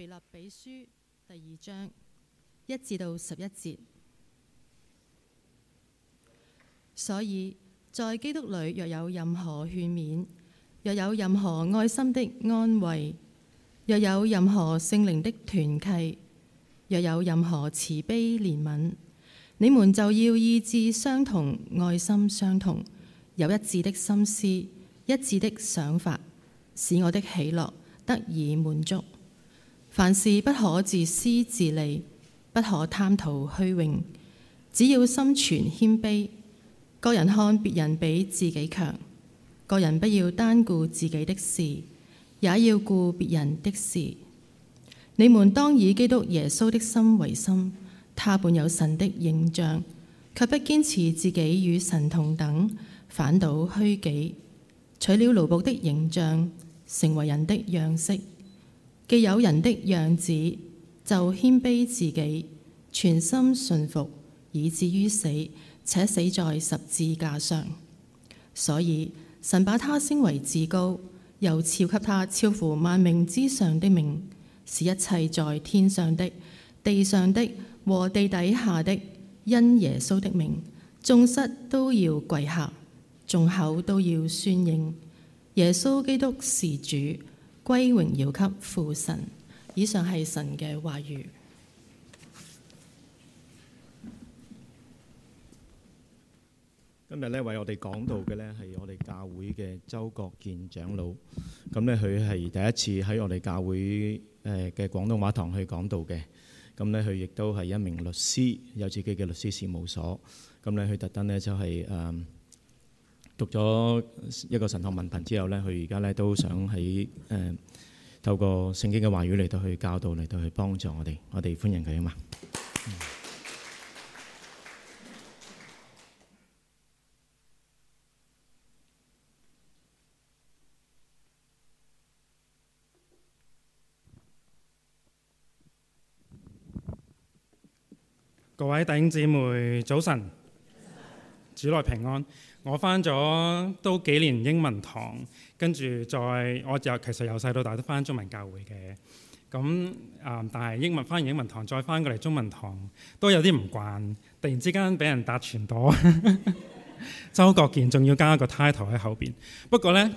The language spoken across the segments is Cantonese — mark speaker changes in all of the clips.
Speaker 1: 《腓立比書》第二章一至到十一節，所以在基督裏，若有任何勸勉，若有任何愛心的安慰，若有任何聖靈的團契，若有任何慈悲憐憫，你們就要意志相同，愛心相同，有一致的心思、一致的想法，使我的喜樂得以滿足。凡事不可自私自利，不可貪圖虛榮。只要心存謙卑，各人看別人比自己強，各人不要單顧自己的事，也要顧別人的事。你們當以基督耶穌的心為心，他本有神的形象，卻不堅持自己與神同等，反倒虛己，取了奴僕的形象，成為人的樣式。既有人的樣子，就謙卑自己，全心順服，以至於死，且死在十字架上。所以神把他升為至高，又賜給他超乎萬名之上的名，是一切在天上的、地上的和地底下的，因耶穌的名，眾膝都要跪下，眾口都要宣認耶穌基督是主。歸榮耀給父神。以上係神嘅話語。
Speaker 2: 今日咧為我哋講道嘅呢係我哋教會嘅周珏健長老。咁呢，佢係第一次喺我哋教會誒嘅廣東話堂去講道嘅。咁呢，佢亦都係一名律師，有自己嘅律師事務所。咁呢、就是，佢特登呢就係誒。讀咗一個神學文憑之後呢，佢而家呢都想喺誒透過聖經嘅話語嚟到去教導，嚟到去幫助我哋。我哋歡迎佢啊嘛！各位弟兄姊妹，早晨。主內平安，我翻咗都幾年英文堂，跟住再我由其實由細到大都翻中文教會嘅，咁啊、嗯、但係英文翻完英文堂再翻過嚟中文堂都有啲唔慣，突然之間俾人搭傳朵， 周珏健仲要加一個 title 喺後邊。不過呢，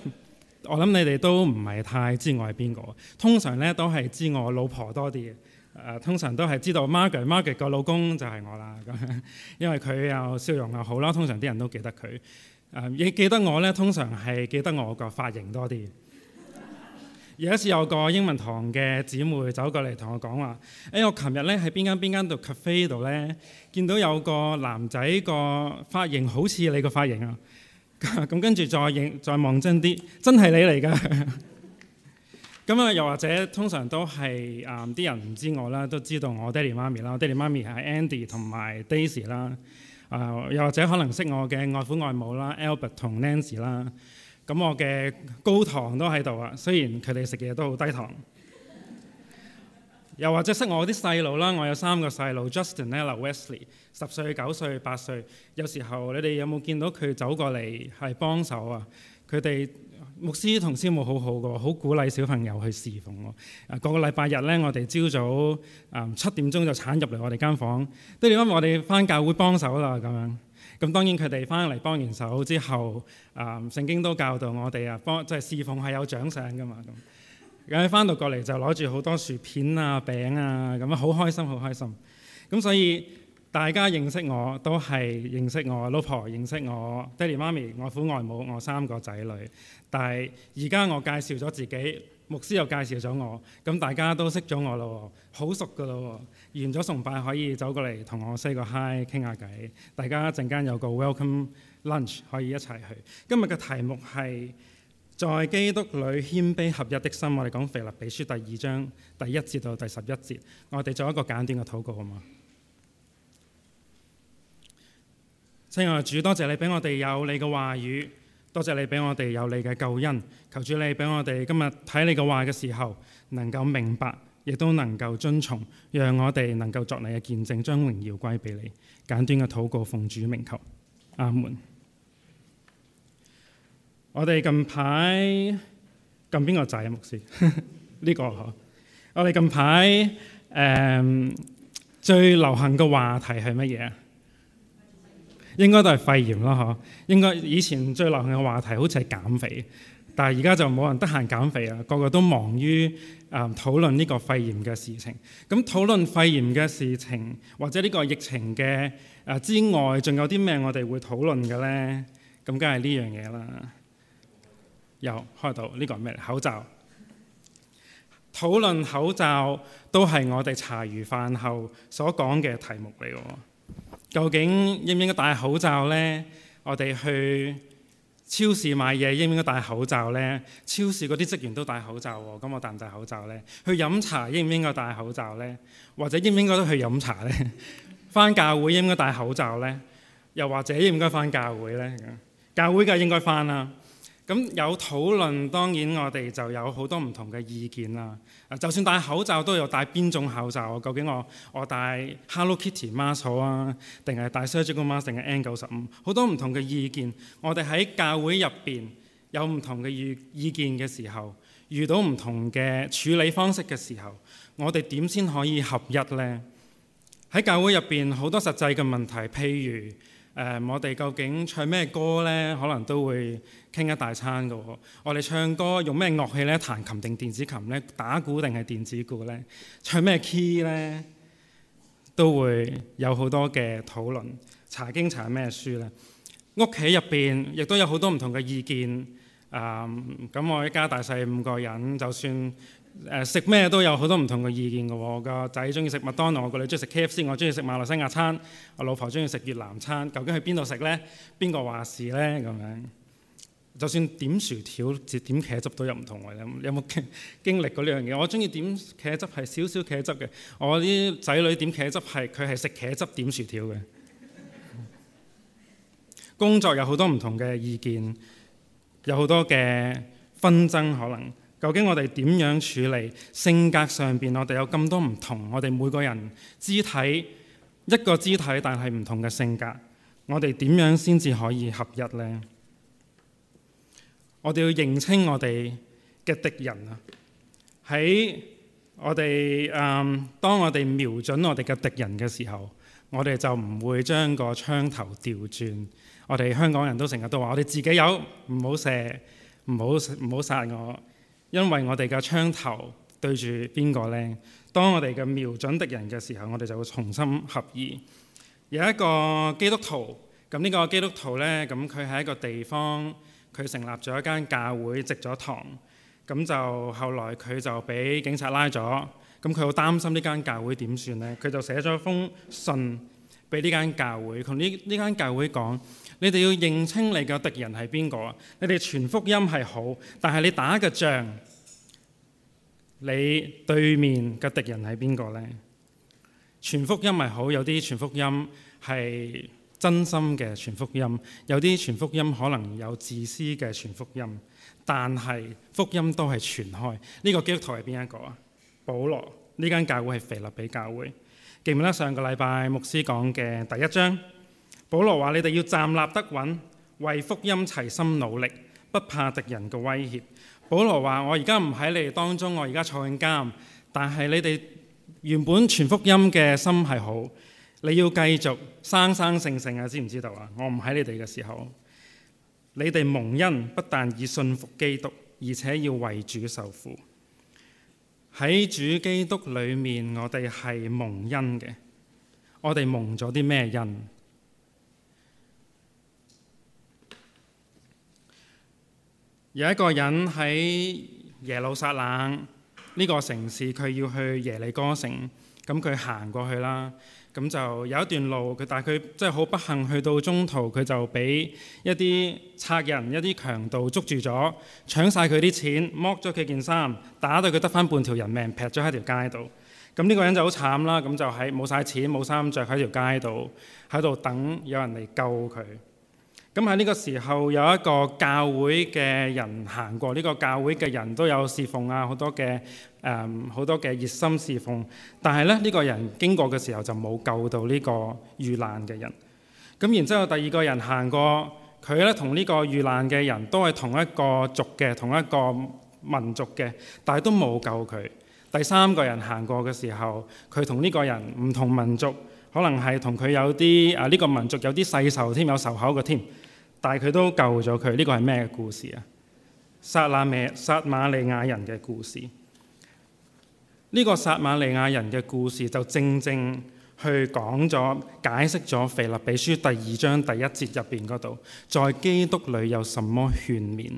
Speaker 2: 我諗你哋都唔係太知我係邊個，通常呢，都係知我老婆多啲。誒通常都係知道 Margaret，Margaret 個老公就係我啦。咁， 因為佢有笑容又好啦，通常啲人都記得佢。誒，亦記得我咧？通常係記得我個髮型多啲。 有一次有個英文堂嘅姊妹走過嚟同我講話：誒、哎，我琴日咧喺邊間邊間度 cafe 度咧，見到有個男仔個髮型好似你個髮型啊！咁， 跟住再認再望真啲，真係你嚟㗎。 咁啊，又或者通常都係啊啲人唔知我啦，都知道我爹哋媽咪啦。我爹哋媽咪係 Andy 同埋 Daisy 啦、呃、啊，又或者可能識我嘅外父外母啦，Albert 同 Nancy 啦、啊。咁、嗯、我嘅高堂都喺度啊，雖然佢哋食嘢都好低堂。 又或者識我啲細路啦，我有三個細路，Justin、Ella、Wesley 十歲、九歲、八歲。有時候你哋有冇見到佢走過嚟係幫手啊？佢哋。牧師同師母好好個，好鼓勵小朋友去侍奉我。啊，個個禮拜日咧，我哋朝早啊、嗯、七點鐘就鏟入嚟我哋間房間。都點解我哋翻教會幫手啦咁樣。咁當然佢哋翻嚟幫完手之後，啊、嗯、聖經都教導我哋啊幫即係侍奉係有獎賞㗎嘛咁。咁佢翻到過嚟就攞住好多薯片啊餅啊咁樣，好開心好開心。咁所以。大家認識我都係認識我老婆，認識我爹哋媽咪、外父外母、我三個仔女。但係而家我介紹咗自己，牧師又介紹咗我，咁大家都識咗我咯，好熟噶咯。完咗崇拜可以走過嚟同我 say 個 hi 傾下偈。大家一陣間有個 welcome lunch 可以一齊去。今日嘅題目係在基督裏謙卑合一的心。我哋講腓立比書第二章第一節到第十一節。我哋做一個簡短嘅禱告好嗎？親愛主，多謝你俾我哋有你嘅話語，多謝你俾我哋有你嘅救恩，求主你俾我哋今日睇你嘅話嘅時候，能夠明白，亦都能夠遵從，讓我哋能夠作你嘅見證，將榮耀歸俾你。簡短嘅禱告奉主名求，阿門。我哋近排近邊個仔啊，牧師呢、 這個我哋近排誒、呃，最流行嘅話題係乜嘢啊？應該都係肺炎啦，嗬！應該以前最流行嘅話題好似係減肥，但係而家就冇人得閒減肥啊，個個都忙於啊、嗯、討論呢個肺炎嘅事情。咁討論肺炎嘅事情，或者呢個疫情嘅誒、啊、之外，仲有啲咩我哋會討論嘅咧？咁梗係呢樣嘢啦。又開到呢個係咩？口罩。討論口罩都係我哋茶餘飯後所講嘅題目嚟嘅喎。究竟應唔應該戴口罩呢？我哋去超市買嘢應唔應該戴口罩呢？超市嗰啲職員都戴口罩喎、哦，咁我戴唔戴口罩呢？去飲茶應唔應該戴口罩呢？或者應唔應該都去飲茶呢？翻教會應唔應該戴口罩呢？又或者應唔應該翻教會呢？教會梗係應該翻啦。咁有討論，當然我哋就有好多唔同嘅意見啦。就算戴口罩，都有戴邊種口罩？究竟我我戴 Hello Kitty mask 啊，定係戴 Surgical mask，定係 N 九十五？好多唔同嘅意見。我哋喺教會入邊有唔同嘅意意見嘅時候，遇到唔同嘅處理方式嘅時候，我哋點先可以合一呢？喺教會入邊好多實際嘅問題，譬如。誒，um, 我哋究竟唱咩歌呢？可能都會傾一大餐噶。我哋唱歌用咩樂器呢？彈琴定電子琴呢？打鼓定係電子鼓呢？唱咩 key 呢？都會有好多嘅討論。查經查咩書呢？屋企入邊亦都有好多唔同嘅意見。誒，咁我一家大細五個人，就算。誒，食咩都有好多唔同嘅意見嘅喎。哦，個仔中意食麥當勞，個女中意食 KFC，我中意食馬來西亞餐，我老婆中意食越南餐。究竟去邊度食呢？邊個話事呢？咁樣，就算點薯條、點茄汁都有唔同嘅。有冇經歷過呢樣嘢？我中意點茄汁係少少茄汁嘅。我啲仔女點茄汁係佢係食茄汁點薯條嘅。 工作有好多唔同嘅意見，有好多嘅紛爭可能。究竟我哋點樣處理性格上面？我哋有咁多唔同，我哋每個人肢體一個肢體，但係唔同嘅性格。我哋點樣先至可以合一呢？我哋要認清我哋嘅敵人啊！喺我哋誒，當我哋瞄準我哋嘅敵人嘅時候，我哋就唔會將個槍頭調轉。我哋香港人都成日都話，我哋自己有，唔好射，唔好唔好殺我。因為我哋嘅槍頭對住邊個呢？當我哋嘅瞄準敵人嘅時候，我哋就會重新合意。有一個基督徒，咁呢個基督徒呢，咁佢喺一個地方，佢成立咗一間教會，植咗堂。咁就後來佢就俾警察拉咗，咁佢好擔心呢間教會點算呢？佢就寫咗封信。俾呢間教會同呢呢間教會講，你哋要認清你個敵人係邊個啊？你哋傳福音係好，但係你打個仗，你對面嘅敵人係邊個呢？傳福音係好，有啲傳福音係真心嘅傳福音，有啲傳福音可能有自私嘅傳福音，但係福音都係傳開。呢、這個基督徒係邊一個啊？保羅呢間教會係腓立比教會。記唔記得上個禮拜牧師講嘅第一章？保羅話你哋要站立得穩，為福音齊心努力，不怕敵人嘅威脅。保羅話：我而家唔喺你哋當中，我而家坐緊監，但係你哋原本全福音嘅心係好。你要繼續生生性性啊！知唔知道啊？我唔喺你哋嘅時候，你哋蒙恩不但以信服基督，而且要為主受苦。喺主基督裏面，我哋係蒙恩嘅。我哋蒙咗啲咩恩？有一個人喺耶路撒冷。呢個城市佢要去耶利哥城，咁佢行過去啦，咁就有一段路佢，佢但係佢真係好不幸，去到中途佢就俾一啲賊人、一啲強盜捉住咗，搶晒佢啲錢，剝咗佢件衫，打到佢得返半條人命，劈咗喺條街度。咁呢個人就好慘啦，咁就喺冇晒錢、冇衫着喺條街度，喺度等有人嚟救佢。咁喺呢個時候有一個教會嘅人行過，呢個教會嘅人都有侍奉啊，好多嘅誒，嗯，好多嘅熱心侍奉。但係咧，呢個人經過嘅時候就冇救到呢個遇難嘅人。咁然之後第二個人行過，佢咧同呢個遇難嘅人都係同一個族嘅，同一個民族嘅，但係都冇救佢。第三個人行過嘅時候，佢同呢個人唔同民族。可能係同佢有啲啊呢、這個民族有啲世仇添，有仇口嘅添，但係佢都救咗佢。呢、這個係咩嘅故事啊？撒拉咩撒瑪利亞人嘅故事，呢、這個撒瑪利亞人嘅故事就正正。去講咗解釋咗《腓立比書》第二章第一節入邊嗰度，在基督裏有什麼勸勉？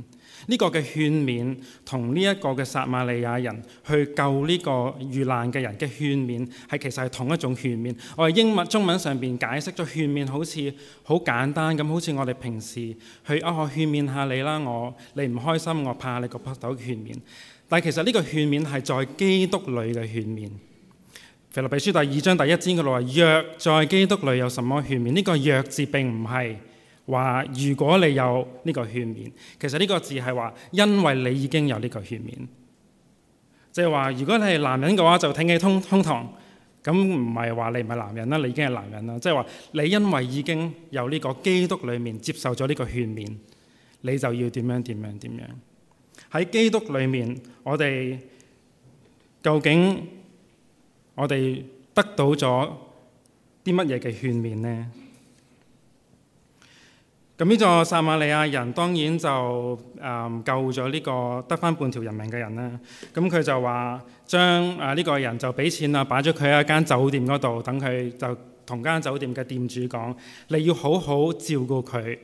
Speaker 2: 呢、這個嘅勸勉同呢一個嘅撒瑪利亞人去救呢個遇難嘅人嘅勸勉，係其實係同一種勸勉。我哋英文中文上邊解釋咗勸勉，好似好簡單咁，好似我哋平時去啊、哦，我勸勉下你啦，我你唔開心，我怕你個拍手勸勉。但係其實呢個勸勉係在基督裏嘅勸勉。腓立比書第二章第一節嗰度話，若在基督裏有什麼勸勉？呢、呢個若字並唔係話如果你有呢個勸勉，其實呢個字係話因為你已經有呢個勸勉，即係話如果你係男人嘅話就挺起胸胸膛，咁唔係話你唔係男人啦，你已經係男人啦。即係話你因為已經有呢個基督裏面接受咗呢個勸勉，你就要點樣點樣點樣。喺基督裏面，我哋究竟？我哋得到咗啲乜嘢嘅勸勉呢？咁呢座撒瑪利亞人當然就誒救咗呢個得翻半條人命嘅人啦。咁佢就話將誒呢個人就俾錢啦，擺咗佢喺間酒店嗰度，等佢就同間酒店嘅店主講：你要好好照顧佢，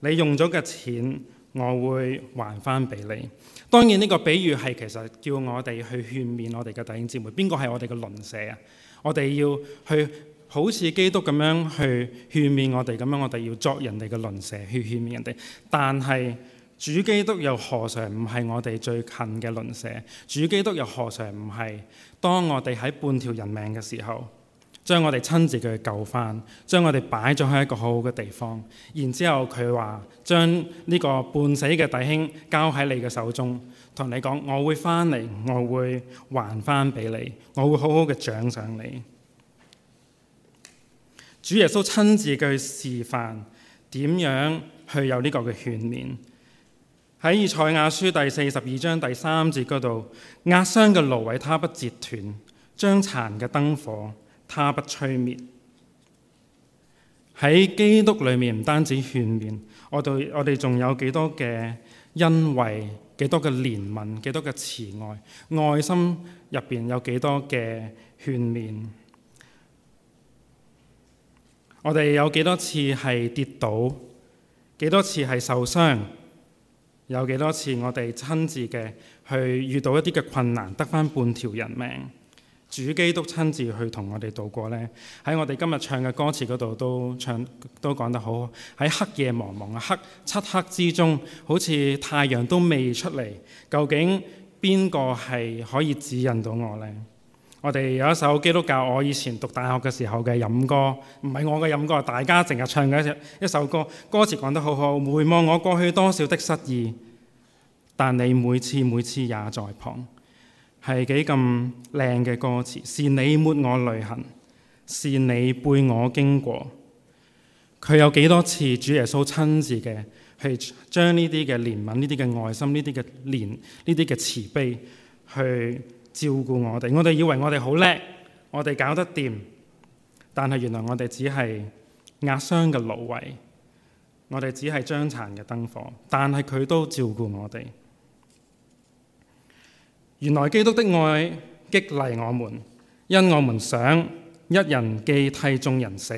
Speaker 2: 你用咗嘅錢。我會還翻俾你。當然呢個比喻係其實叫我哋去勸勉我哋嘅弟兄姊妹，邊個係我哋嘅鄰舍啊？我哋要去好似基督咁樣去勸勉我哋，咁樣我哋要作人哋嘅鄰舍去勸勉人哋。但係主基督又何嘗唔係我哋最近嘅鄰舍？主基督又何嘗唔係當我哋喺半條人命嘅時候？將我哋親自去救返，將我哋擺咗喺一個好好嘅地方。然之後佢話：將呢個半死嘅弟兄交喺你嘅手中，同你講：我會返嚟，我會還返畀你，我會好好嘅獎賞你。主耶穌親自去示範點樣去有呢個嘅勸勉。喺以賽亞書第四十二章第三節嗰度，壓傷嘅蘆葦，他不折斷；將殘嘅燈火。他不吹滅。喺基督裏面，唔單止勸勉，我對我哋仲有幾多嘅恩惠，幾多嘅憐憫，幾多嘅慈愛，愛心入邊有幾多嘅勸勉。我哋有幾多次係跌倒，幾多次係受傷，有幾多次我哋親自嘅去遇到一啲嘅困難，得返半條人命。主基督親自去同我哋度過呢。喺我哋今日唱嘅歌詞嗰度都唱都講得好好。喺黑夜茫茫嘅黑漆黑之中，好似太陽都未出嚟，究竟邊個係可以指引到我呢？我哋有一首基督教，我以前讀大學嘅時候嘅飲歌，唔係我嘅飲歌，大家成日唱嘅一首歌，歌詞講得好好。回望我過去多少的失意，但你每次每次也在旁。係幾咁靚嘅歌詞，是你抹我淚痕，是你背我經過。佢有幾多次主耶穌親自嘅去將呢啲嘅憐憫、呢啲嘅愛心、呢啲嘅憐、呢啲嘅慈悲去照顧我哋。我哋以為我哋好叻，我哋搞得掂，但係原來我哋只係壓傷嘅蘆葦，我哋只係將殘嘅燈火，但係佢都照顧我哋。原來基督的愛激勵我們，因我們想一人既替眾人死，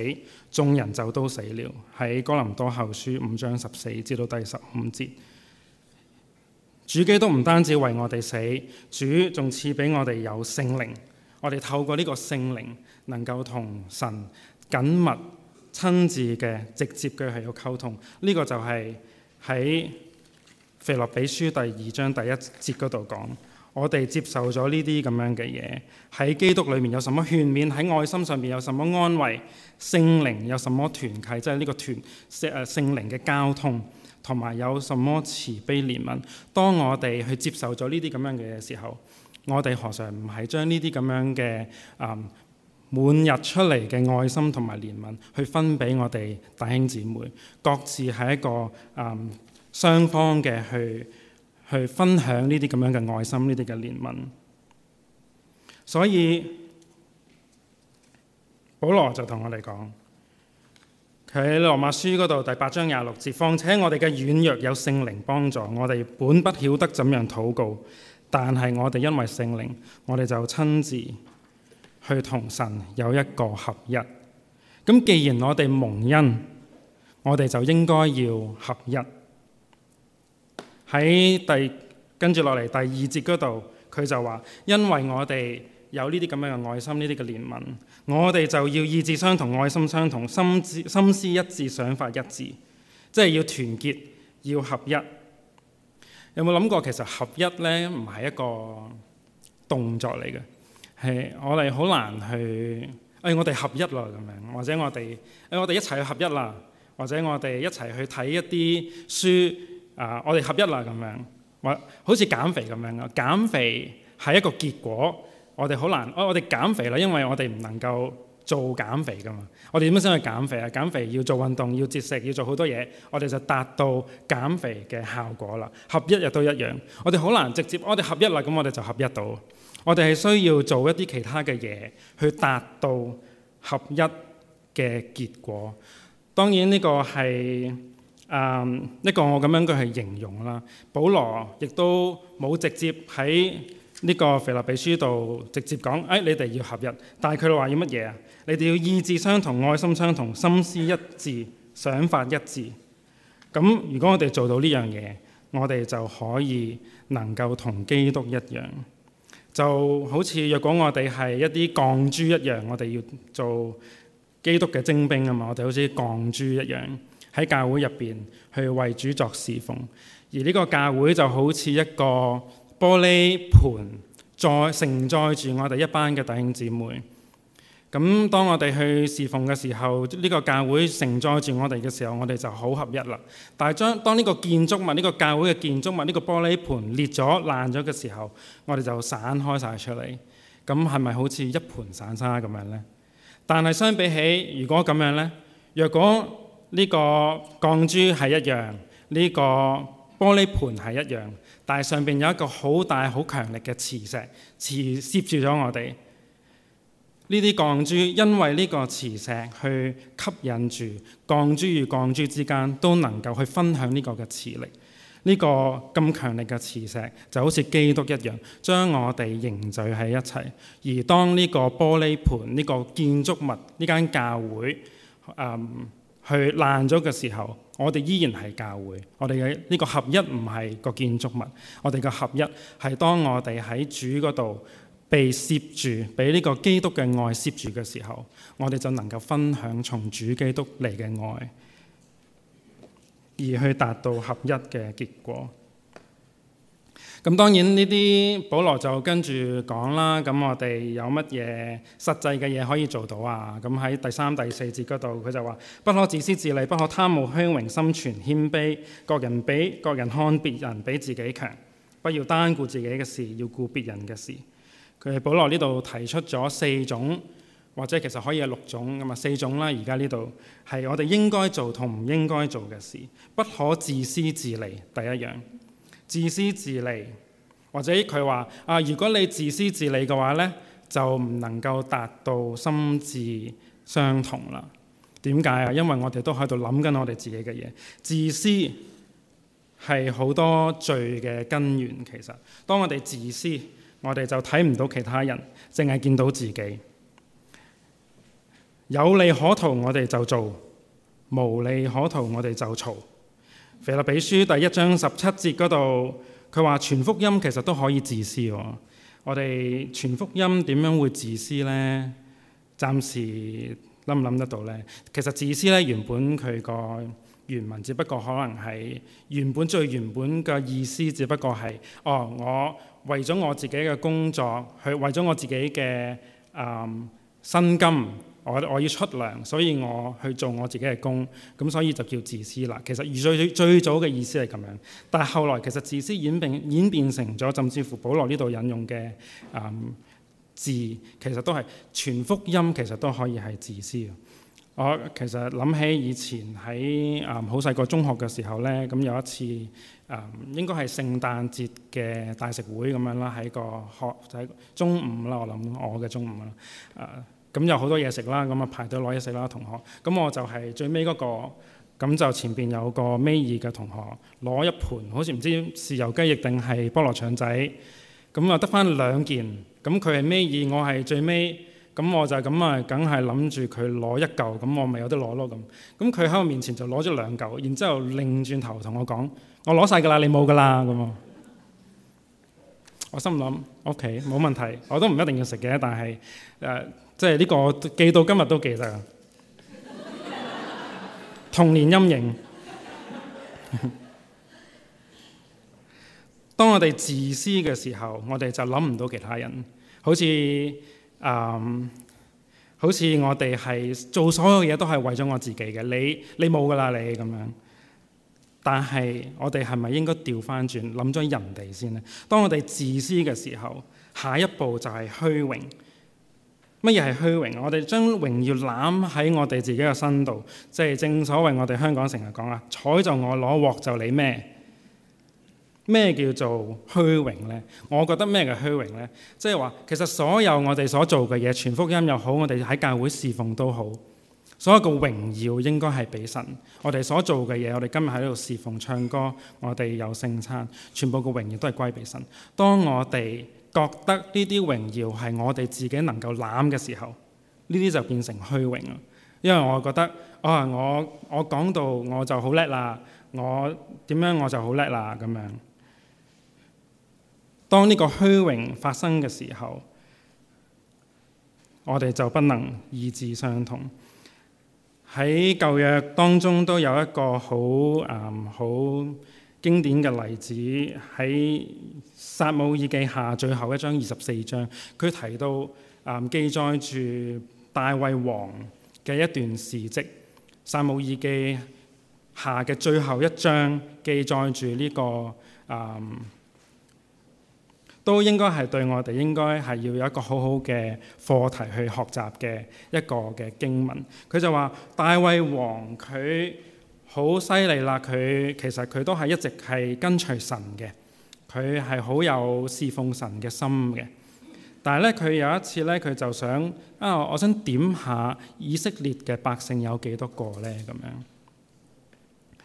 Speaker 2: 眾人就都死了。喺哥林多後書五章十四至到第十五節，主基督唔單止為我哋死，主仲賜俾我哋有聖靈，我哋透過呢個聖靈能夠同神緊密、親自嘅、直接嘅係有溝通。呢、呢個就係喺腓立比書第二章第一節嗰度講。我哋接受咗呢啲咁樣嘅嘢，喺基督裏面有什麼勸勉，喺愛心上面有什麼安慰，聖靈有什麼團契，即係呢個團誒聖靈嘅交通，同埋有什麼慈悲憐憫。當我哋去接受咗呢啲咁樣嘅嘢時候，我哋何嘗唔係將呢啲咁樣嘅誒滿日出嚟嘅愛心同埋憐憫，去分俾我哋弟兄姊妹，各自係一個誒雙、嗯、方嘅去。去分享呢啲咁樣嘅愛心，呢啲嘅憐憫。所以保羅就同我哋講，佢喺羅馬書嗰度第八章廿六節，況且我哋嘅軟弱有聖靈幫助，我哋本不曉得怎樣禱告，但係我哋因為聖靈，我哋就親自去同神有一個合一。咁既然我哋蒙恩，我哋就應該要合一。喺第跟住落嚟第二節嗰度，佢就話：因為我哋有呢啲咁樣嘅愛心，呢啲嘅憐憫，我哋就要意志相同、愛心相同、心思心思一致、想法一致，即係要團結、要合一。有冇諗過其實合一呢？唔係一個動作嚟嘅，係我哋好難去。誒、哎，我哋合一啦咁樣，或者我哋誒、哎、我哋一齊去合一啦，或者我哋一齊去睇一啲書。啊！我哋合一啦咁樣，或好似減肥咁樣咯。減肥係一個結果，我哋好難。啊、我我哋減肥啦，因為我哋唔能夠做減肥噶嘛。我哋點樣先去減肥啊？減肥要做運動，要節食，要做好多嘢。我哋就達到減肥嘅效果啦。合一亦都一樣。我哋好難直接，啊、我哋合一啦，咁我哋就合一到。我哋係需要做一啲其他嘅嘢，去達到合一嘅結果。當然呢個係。誒一、um, 個我咁樣佢係形容啦。保羅亦都冇直接喺呢個腓立比書度直接講，誒、哎、你哋要合一。但係佢話要乜嘢啊？你哋要意志相同、愛心相同、心思一致、想法一致。咁如果我哋做到呢樣嘢，我哋就可以能夠同基督一樣。就好似若果我哋係一啲鋼珠一樣，我哋要做基督嘅精兵啊嘛！我哋好似鋼珠一樣。喺教會入邊去為主作侍奉，而呢個教會就好似一個玻璃盤，載承載住我哋一班嘅弟兄姊妹。咁當我哋去侍奉嘅時候，呢個教會承載住我哋嘅時候，我哋就好合一啦。但係將當呢個建築物、呢個教會嘅建築物、呢個玻璃盤裂咗、爛咗嘅時候，我哋就散開晒出嚟。咁係咪好似一盤散沙咁樣呢？但係相比起，如果咁樣呢，若果呢個鋼珠係一樣，呢個玻璃盤係一樣，但係上邊有一個好大、好強力嘅磁石，磁攝住咗我哋呢啲鋼珠，因為呢個磁石去吸引住鋼珠與鋼珠之間都能夠去分享呢個嘅磁力。呢個咁強力嘅磁石就好似基督一樣，將我哋凝聚喺一齊。而當呢個玻璃盤、呢個建築物、呢間教會，嗯，去爛咗嘅時候，我哋依然係教會。我哋嘅呢個合一唔係個建築物，我哋嘅合一係當我哋喺主嗰度被攝住，俾呢個基督嘅愛攝住嘅時候，我哋就能夠分享從主基督嚟嘅愛，而去達到合一嘅結果。咁當然呢啲，保羅就跟住講啦。咁我哋有乜嘢實際嘅嘢可以做到啊？咁喺第三、第四節嗰度，佢就話：不可自私自利，不可貪慕虛榮、心存謙卑，各人比各人看別人比自己強，不要單顧自己嘅事，要顧別人嘅事。佢係保羅呢度提出咗四種，或者其實可以有六種咁啊，四種啦。而家呢度係我哋應該做同唔應該做嘅事，不可自私自利，第一樣。自私自利，或者佢話啊，如果你自私自利嘅話呢，就唔能夠達到心智相同啦。點解啊？因為我哋都喺度諗緊我哋自己嘅嘢。自私係好多罪嘅根源。其實，當我哋自私，我哋就睇唔到其他人，淨係見到自己。有利可圖，我哋就做；無利可圖，我哋就嘈。腓立比書第一章十七節嗰度，佢話傳福音其實都可以自私喎。我哋傳福音點樣會自私呢？暫時諗唔諗得到呢。其實自私呢，原本佢個原文只不過可能係原本最原本嘅意思，只不過係哦，我為咗我自己嘅工作，去為咗我自己嘅誒薪金。我我要出糧，所以我去做我自己嘅工，咁所以就叫自私啦。其實如最最早嘅意思係咁樣，但係後來其實自私演變演變成咗，甚至乎保羅呢度引用嘅啊、嗯、自，其實都係全福音其實都可以係自私嘅。我其實諗起以前喺啊好細個中學嘅時候呢，咁有一次啊、嗯、應該係聖誕節嘅大食會咁樣啦，喺個學就係中午啦，我諗我嘅中午啦、呃咁有好多嘢食啦，咁啊排隊攞嘢食啦，同學。咁我就係最尾嗰個，咁就前邊有個尾二嘅同學攞一盤，好似唔知豉油雞翼定係菠蘿腸仔。咁啊得翻兩件，咁佢係尾二，我係最尾，咁我就咁啊，梗係諗住佢攞一嚿，咁我咪有得攞咯咁。咁佢喺我面前就攞咗兩嚿，然之後擰轉頭同我講：我攞晒㗎啦，你冇㗎啦。咁我，我心諗：OK，冇問題，我都唔一定要食嘅，但係誒。Uh, 即係呢個記到今日都記得 童年陰影。 當我哋自私嘅時候，我哋就諗唔到其他人，好似誒、嗯，好似我哋係做所有嘢都係為咗我自己嘅。你你冇噶啦，你咁樣。但係我哋係咪應該調翻轉，諗咗人哋先咧？當我哋自私嘅時候，下一步就係虛榮。乜嘢係虛榮？我哋將榮耀攬喺我哋自己嘅身度，即係正所謂我哋香港成日講啊，彩就我攞，鑊就你孭。咩叫做虛榮呢？我覺得咩叫虛榮呢？即係話，其實所有我哋所做嘅嘢，全福音又好，我哋喺教會侍奉都好，所有個榮耀應該係俾神。我哋所做嘅嘢，我哋今日喺度侍奉、唱歌，我哋有聖餐，全部個榮耀都係歸俾神。當我哋覺得呢啲榮耀係我哋自己能夠攬嘅時候，呢啲就變成虛榮啊！因為我覺得啊、哦，我我講到我就好叻啦，我點樣我就好叻啦咁樣。當呢個虛榮發生嘅時候，我哋就不能意志相同。喺舊約當中都有一個好啊好，嗯經典嘅例子喺《撒母耳記下》最後一章二十四章，佢提到誒、嗯、記載住大衛王嘅一段事蹟，《撒母耳記下》嘅最後一章記載住呢、這個誒、嗯，都應該係對我哋應該係要有一個好好嘅課題去學習嘅一個嘅經文。佢就話大衛王佢。好犀利啦！佢其實佢都係一直係跟隨神嘅，佢係好有侍奉神嘅心嘅。但係咧，佢有一次咧，佢就想啊、哦，我想點下以色列嘅百姓有幾多個咧？咁樣。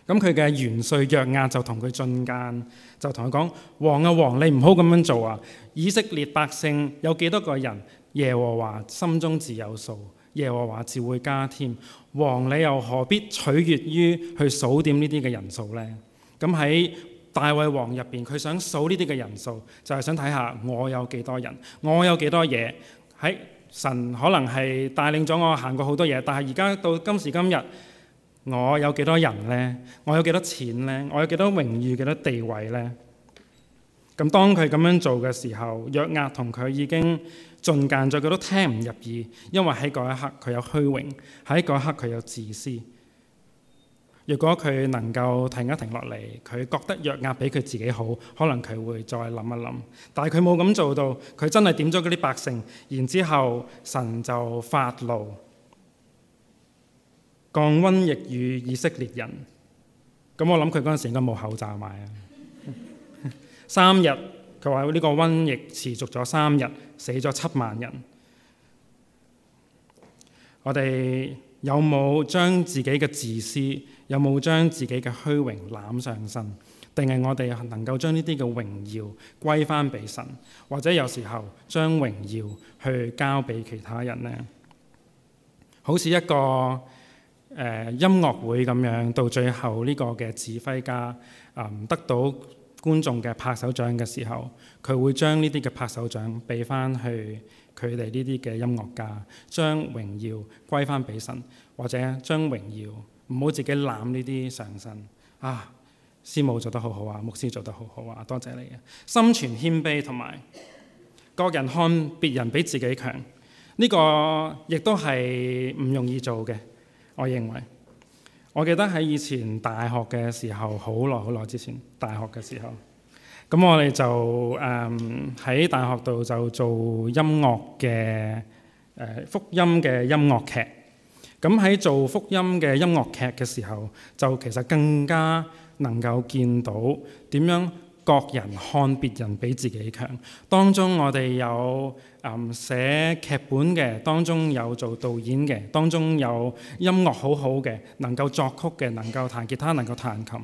Speaker 2: 咁佢嘅元帥約押就同佢進諫，就同佢講：王啊，王，你唔好咁樣做啊！以色列百姓有幾多個人？耶和華心中自有數，耶和華自會加添。王你又何必取悅於去數點呢啲嘅人數呢？咁喺大衛王入邊，佢想數呢啲嘅人數，就係、是、想睇下我有幾多人，我有幾多嘢。喺、哎、神可能係帶領咗我行過好多嘢，但係而家到今時今日，我有幾多人呢？我有幾多錢呢？我有幾多榮譽、幾多地位呢？咁當佢咁樣做嘅時候，約押同佢已經進諫咗，佢都聽唔入耳，因為喺嗰一刻佢有虛榮，喺嗰一刻佢有自私。若果佢能夠停一停落嚟，佢覺得約押比佢自己好，可能佢會再諗一諗。但係佢冇咁做到，佢真係點咗嗰啲百姓，然之後神就發怒，降瘟疫與以色列人。咁我諗佢嗰陣時應該冇口罩賣啊！三日，佢話呢個瘟疫持續咗三日，死咗七萬人。我哋有冇將自己嘅自私，有冇將自己嘅虛榮攬上身？定係我哋能夠將呢啲嘅榮耀歸翻俾神，或者有時候將榮耀去交俾其他人呢？好似一個誒、呃、音樂會咁樣，到最後呢個嘅指揮家啊、嗯、得到，觀眾嘅拍手掌嘅時候，佢會將呢啲嘅拍手掌俾翻去佢哋呢啲嘅音樂家，將榮耀歸翻俾神，或者將榮耀唔好自己攬呢啲上身啊！師母做得好好啊，牧師做得好好啊，多謝你啊！心存謙卑同埋各人看別人比自己強，呢、這個亦都係唔容易做嘅，我認為。我記得喺以前大學嘅時候，好耐好耐之前，大學嘅時候，咁我哋就誒喺、嗯、大學度就做音樂嘅誒福音嘅音樂劇。咁喺做福音嘅音樂劇嘅時候，就其實更加能夠見到點樣。各人看別人比自己強。當中我哋有誒、嗯、寫劇本嘅，當中有做導演嘅，當中有音樂好好嘅，能夠作曲嘅，能夠彈吉他，能夠彈琴。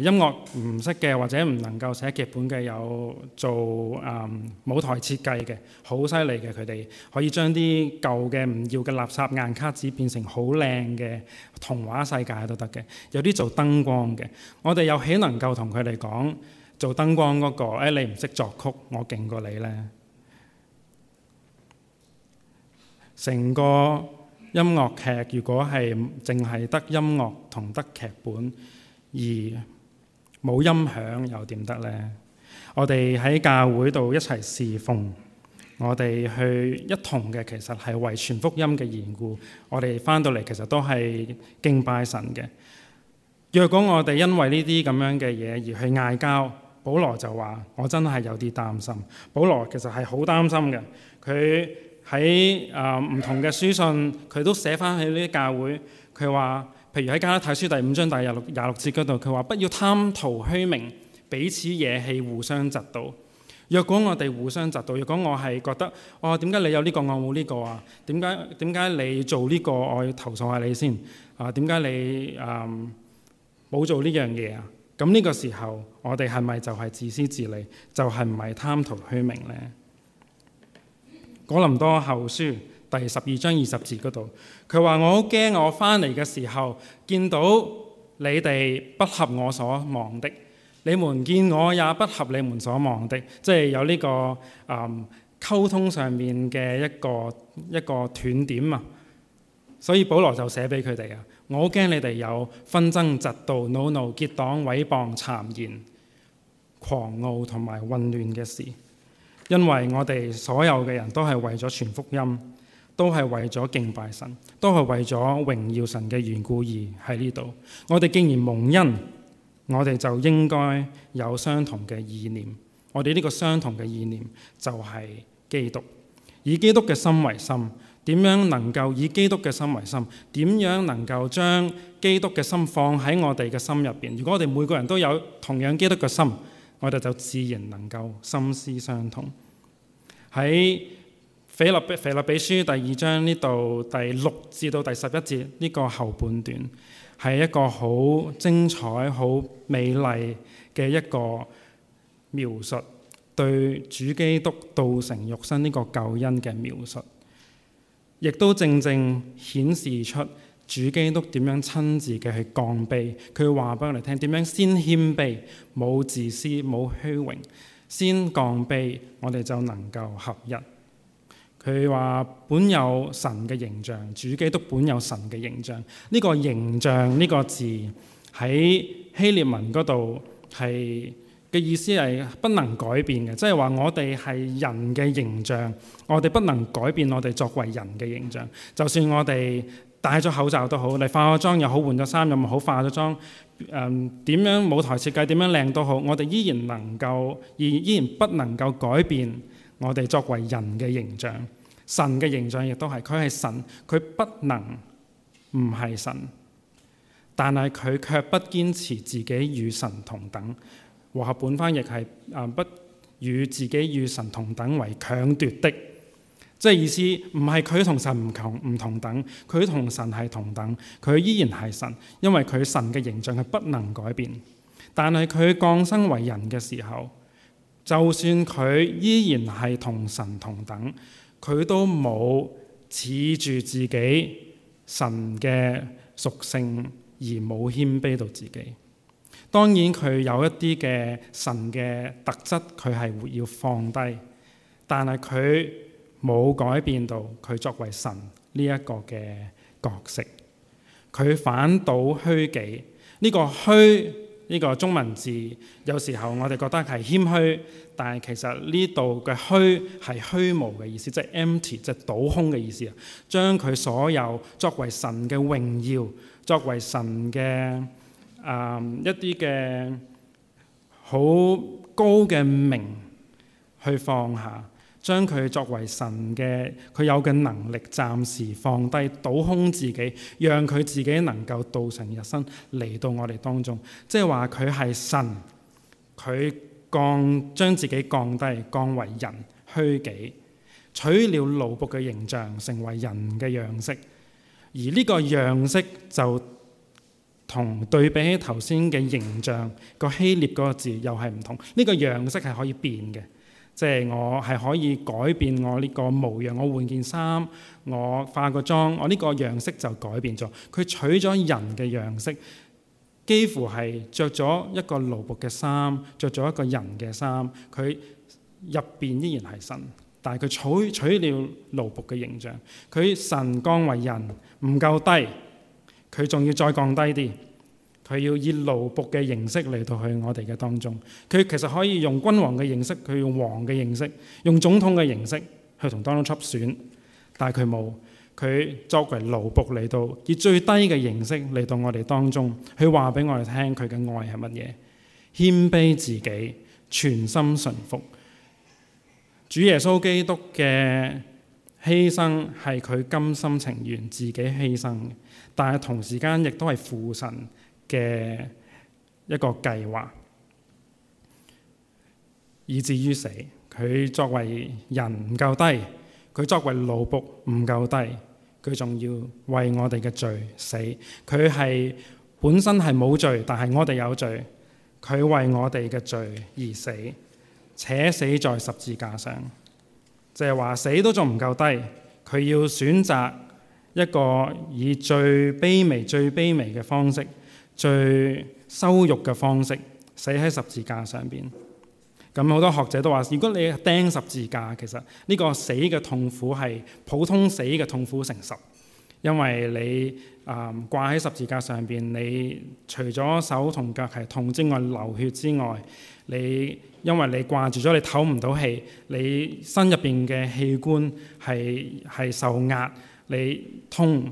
Speaker 2: 音樂唔識嘅，或者唔能夠寫劇本嘅，有做、嗯、舞台設計嘅，好犀利嘅，佢哋可以將啲舊嘅唔要嘅垃圾硬卡紙變成好靚嘅童話世界都得嘅。有啲做燈光嘅，我哋又豈能夠同佢哋講「做燈光嗰、那個，哎、你唔識作曲，我勁過你呢。」成個音樂劇如果係淨係得音樂同得劇本而冇音響又點得呢？我哋喺教會度一齊侍奉，我哋去一同嘅其實係為傳福音嘅緣故。我哋翻到嚟其實都係敬拜神嘅。若果我哋因為呢啲咁樣嘅嘢而去嗌交，保羅就話：我真係有啲擔心。保羅其實係好擔心嘅。佢喺啊唔同嘅書信，佢都寫翻喺呢啲教會，佢話。譬如喺《加拉太書》第五章第二六廿六節嗰度，佢話：不要貪圖虛名，彼此惹氣，互相嫉妒。若果我哋互相嫉妒，若果我係覺得，哦點解你有呢、這個，我冇呢個啊？點解點解你做呢、這個，我要投訴下你先啊？點解你誒冇、嗯、做呢樣嘢啊？咁呢個時候，我哋係咪就係自私自利，就係唔係貪圖虛名呢？哥林多後書，第十二章二十字嗰度，佢話：我好驚，我翻嚟嘅時候見到你哋不合我所望的，你們見我也不合你們所望的，即係有呢個誒溝通上面嘅一個一個斷點啊。所以保羅就寫俾佢哋啊，我好驚你哋有紛爭、嫉妒、惱怒、結黨、毀謗、讒言、狂傲同埋混亂嘅事，因為我哋所有嘅人都係為咗傳福音。都係為咗敬拜神，都係為咗榮耀神嘅緣故而喺呢度。我哋既然蒙恩，我哋就應該有相同嘅意念。我哋呢個相同嘅意念就係基督，以基督嘅心為心。點樣能夠以基督嘅心為心？點樣能夠將基督嘅心放喺我哋嘅心入邊？如果我哋每個人都有同樣基督嘅心，我哋就自然能夠心思相同。喺腓立腓立比書第二章呢度第六至到第十一節，呢個後半段係一個好精彩、好美麗嘅一個描述，對主基督道成肉身呢個救恩嘅描述，亦都正正顯示出主基督點樣親自嘅去降卑。佢話俾我哋聽，點樣先謙卑，冇自私，冇虛榮，先降卑，我哋就能夠合一。佢話：本有神嘅形象，主基督本有神嘅形象。呢個形象呢個字喺希臘文嗰度係嘅意思係不能改變嘅，即係話我哋係人嘅形象，我哋不能改變我哋作為人嘅形象。就算我哋戴咗口罩都好，你化咗妝又好，換咗衫又好，化咗妝，誒，點樣舞台設計點樣靚都好，我哋依然能夠，依然不能夠改變。我哋作為人嘅形象，神嘅形象亦都係，佢係神，佢不能唔係神，但係佢卻不堅持自己與神同等。和合本翻譯係、啊、不與自己與神同等為強奪的，即係意思唔係佢同神唔同唔同等，佢同神係同等，佢依然係神，因為佢神嘅形象係不能改變。但係佢降生為人嘅時候。就算佢依然係同神同等，佢都冇恃住自己神嘅屬性而冇謙卑到自己。當然佢有一啲嘅神嘅特質，佢係會要放低，但係佢冇改變到佢作為神呢一個嘅角色。佢反倒虛己，呢個虛。呢個中文字有時候我哋覺得係謙虛，但係其實呢度嘅虛係虛無嘅意思，即係 empty，即係倒空嘅意思啊！將佢所有作為神嘅榮耀、作為神嘅、呃、一啲嘅好高嘅名去放下。將佢作為神嘅，佢有嘅能力暫時放低，倒空自己，讓佢自己能夠道成肉身嚟到我哋當中。即係話佢係神，佢降將自己降低，降為人，虛己，取了奴僕嘅形象，成為人嘅樣式。而呢個樣式就同對比起頭先嘅形象，個希臘嗰個字又係唔同。呢、呢個樣式係可以變嘅。即係我係可以改變我呢個模樣，我換件衫，我化個妝，我呢個樣式就改變咗。佢取咗人嘅樣式，幾乎係着咗一個奴僕嘅衫，着咗一個人嘅衫。佢入邊依然係神，但係佢取取了奴僕嘅形象，佢神降為人，唔夠低，佢仲要再降低啲。佢要以奴僕嘅形式嚟到去我哋嘅當中，佢其實可以用君王嘅形式，佢用王嘅形式，用總統嘅形式去同當中出選，但係佢冇。佢作為奴僕嚟到以最低嘅形式嚟到我哋當中去話俾我哋聽，佢嘅愛係乜嘢？謙卑自己，全心順服主耶穌基督嘅犧牲係佢甘心情願自己犧牲嘅，但係同時間亦都係父神。嘅一個計劃，以至於死。佢作為人唔夠低，佢作為奴僕唔夠低，佢仲要為我哋嘅罪死。佢係本身係冇罪，但係我哋有罪。佢為我哋嘅罪而死，且死在十字架上，就係話死都仲唔夠低。佢要選擇一個以最卑微、最卑微嘅方式。最羞辱嘅方式，死喺十字架上邊。咁好多學者都話，如果你釘十字架，其實呢個死嘅痛苦係普通死嘅痛苦成十，因為你啊掛喺十字架上邊，你除咗手同腳係痛之外，流血之外，你因為你掛住咗，你唞唔到氣，你身入邊嘅器官係係受壓，你痛，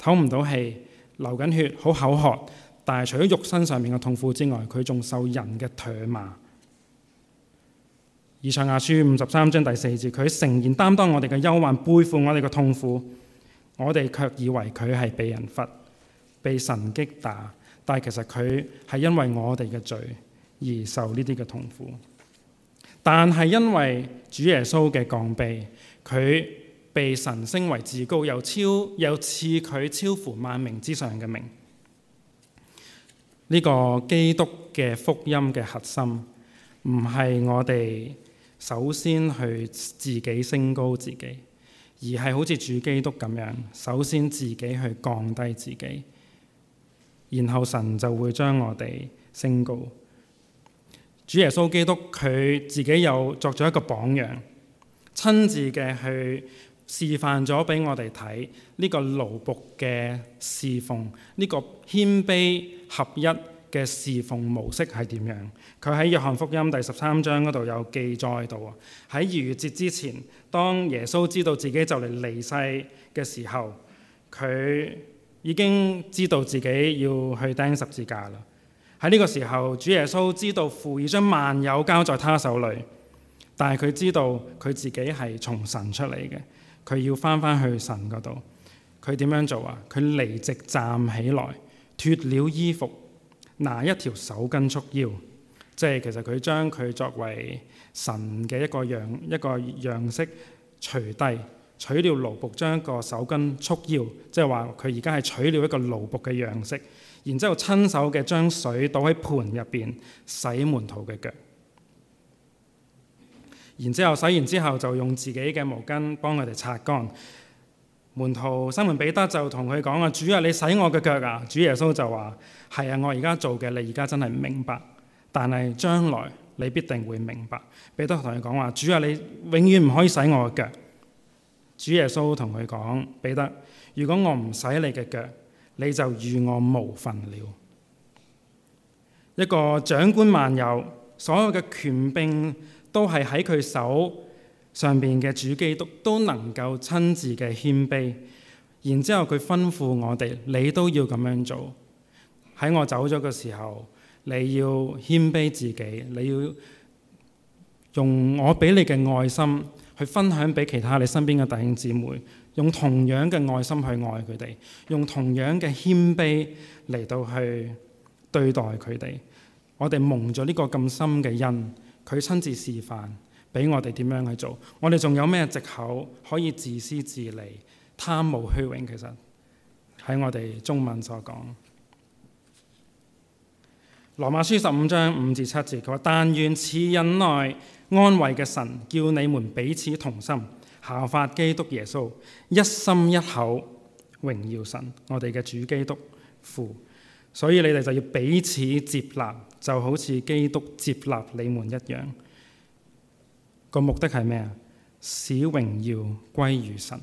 Speaker 2: 唞唔到氣，流緊血，好口渴。但係除咗肉身上面嘅痛苦之外，佢仲受人嘅唾罵。以賽亞書五十三章第四節，佢誠然擔當我哋嘅憂患，背負我哋嘅痛苦，我哋卻以為佢係被人罰、被神擊打，但係其實佢係因為我哋嘅罪而受呢啲嘅痛苦。但係因為主耶穌嘅降卑，佢被神升為至高，又超又賜佢超乎萬名之上嘅名。呢個基督嘅福音嘅核心，唔係我哋首先去自己升高自己，而係好似主基督咁樣，首先自己去降低自己，然後神就會將我哋升高。主耶穌基督，佢自己又作咗一個榜樣，親自嘅去。示範咗俾我哋睇呢個奴僕嘅侍奉，呢個謙卑合一嘅侍奉模式係點樣？佢喺《約翰福音》第十三章嗰度有記載到啊。喺逾越節之前，當耶穌知道自己就嚟離世嘅時候，佢已經知道自己要去釘十字架啦。喺呢個時候，主耶穌知道父已將萬有交在他手裏，但係佢知道佢自己係從神出嚟嘅。佢要翻返去神嗰度，佢點樣做啊？佢離席站起來，脫了衣服，拿一條手巾束腰，即係其實佢將佢作為神嘅一個樣一個樣式除低，取了奴僕將一個手巾束腰，即係話佢而家係取了一個奴僕嘅樣式，然之後親手嘅將水倒喺盆入邊洗門徒嘅腳。然之後洗完之後就用自己嘅毛巾幫佢哋擦乾。門徒西門彼得就同佢講啊：主啊，你洗我嘅腳啊！主耶穌就話：係啊，我而家做嘅你而家真係唔明白，但係將來你必定會明白。彼得同佢講話：主啊，你永遠唔可以洗我嘅腳。主耶穌同佢講：彼得，如果我唔洗你嘅腳，你就與我無份了。一個長官漫遊，所有嘅權柄，都係喺佢手上邊嘅主基督，都能夠親自嘅謙卑。然之後佢吩咐我哋：你都要咁樣做。喺我走咗嘅時候，你要謙卑自己，你要用我俾你嘅愛心去分享俾其他你身邊嘅弟兄姊妹，用同樣嘅愛心去愛佢哋，用同樣嘅謙卑嚟到去對待佢哋。我哋蒙咗呢個咁深嘅恩。佢親自示範畀我哋點樣去做，我哋仲有咩藉口可以自私自利、貪慕虛榮？其實喺我哋中文所講，《羅馬書》十五章五至七節，佢話：但願此忍耐安慰嘅神，叫你們彼此同心，效法基督耶穌，一心一口榮耀神，我哋嘅主基督父。所以你哋就要彼此接納。就好似基督接納你們一樣，個目的係咩啊？使榮耀歸於神。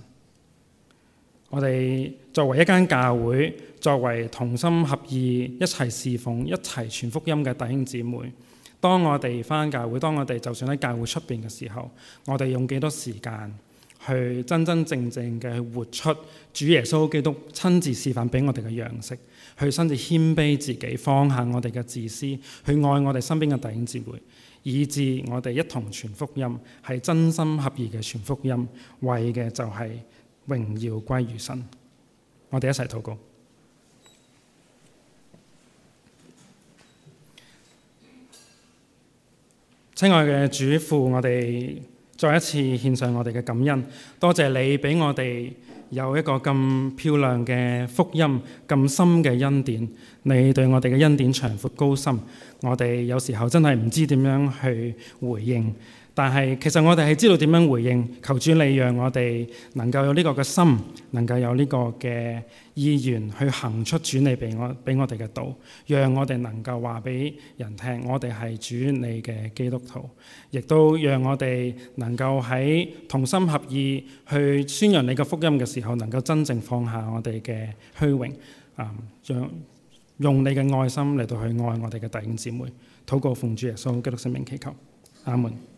Speaker 2: 我哋作為一間教會，作為同心合意、一齊侍奉、一齊傳福音嘅弟兄姊妹，當我哋返教會，當我哋就算喺教會出邊嘅時候，我哋用幾多時間去真真正正嘅活出主耶穌基督親自示範俾我哋嘅樣式。去甚至謙卑自己，放下我哋嘅自私，去愛我哋身邊嘅弟兄姊妹，以致我哋一同傳福音，係真心合意嘅傳福音，為嘅就係榮耀歸於神。我哋一齊禱告，親愛嘅主父，我哋再一次獻上我哋嘅感恩，多謝你畀我哋。有一個咁漂亮嘅福音，咁深嘅恩典，你對我哋嘅恩典長闊高深，我哋有時候真係唔知點樣去回應。但係，其實我哋係知道點樣回應，求主你讓我哋能夠有呢個嘅心，能夠有呢個嘅意願去行出主你俾我俾我哋嘅道，讓我哋能夠話俾人聽，我哋係主你嘅基督徒，亦都讓我哋能夠喺同心合意去宣揚你嘅福音嘅時候，能夠真正放下我哋嘅虛榮啊，用用你嘅愛心嚟到去愛我哋嘅弟兄姊妹。禱告奉主耶穌基督聖名祈求，阿門。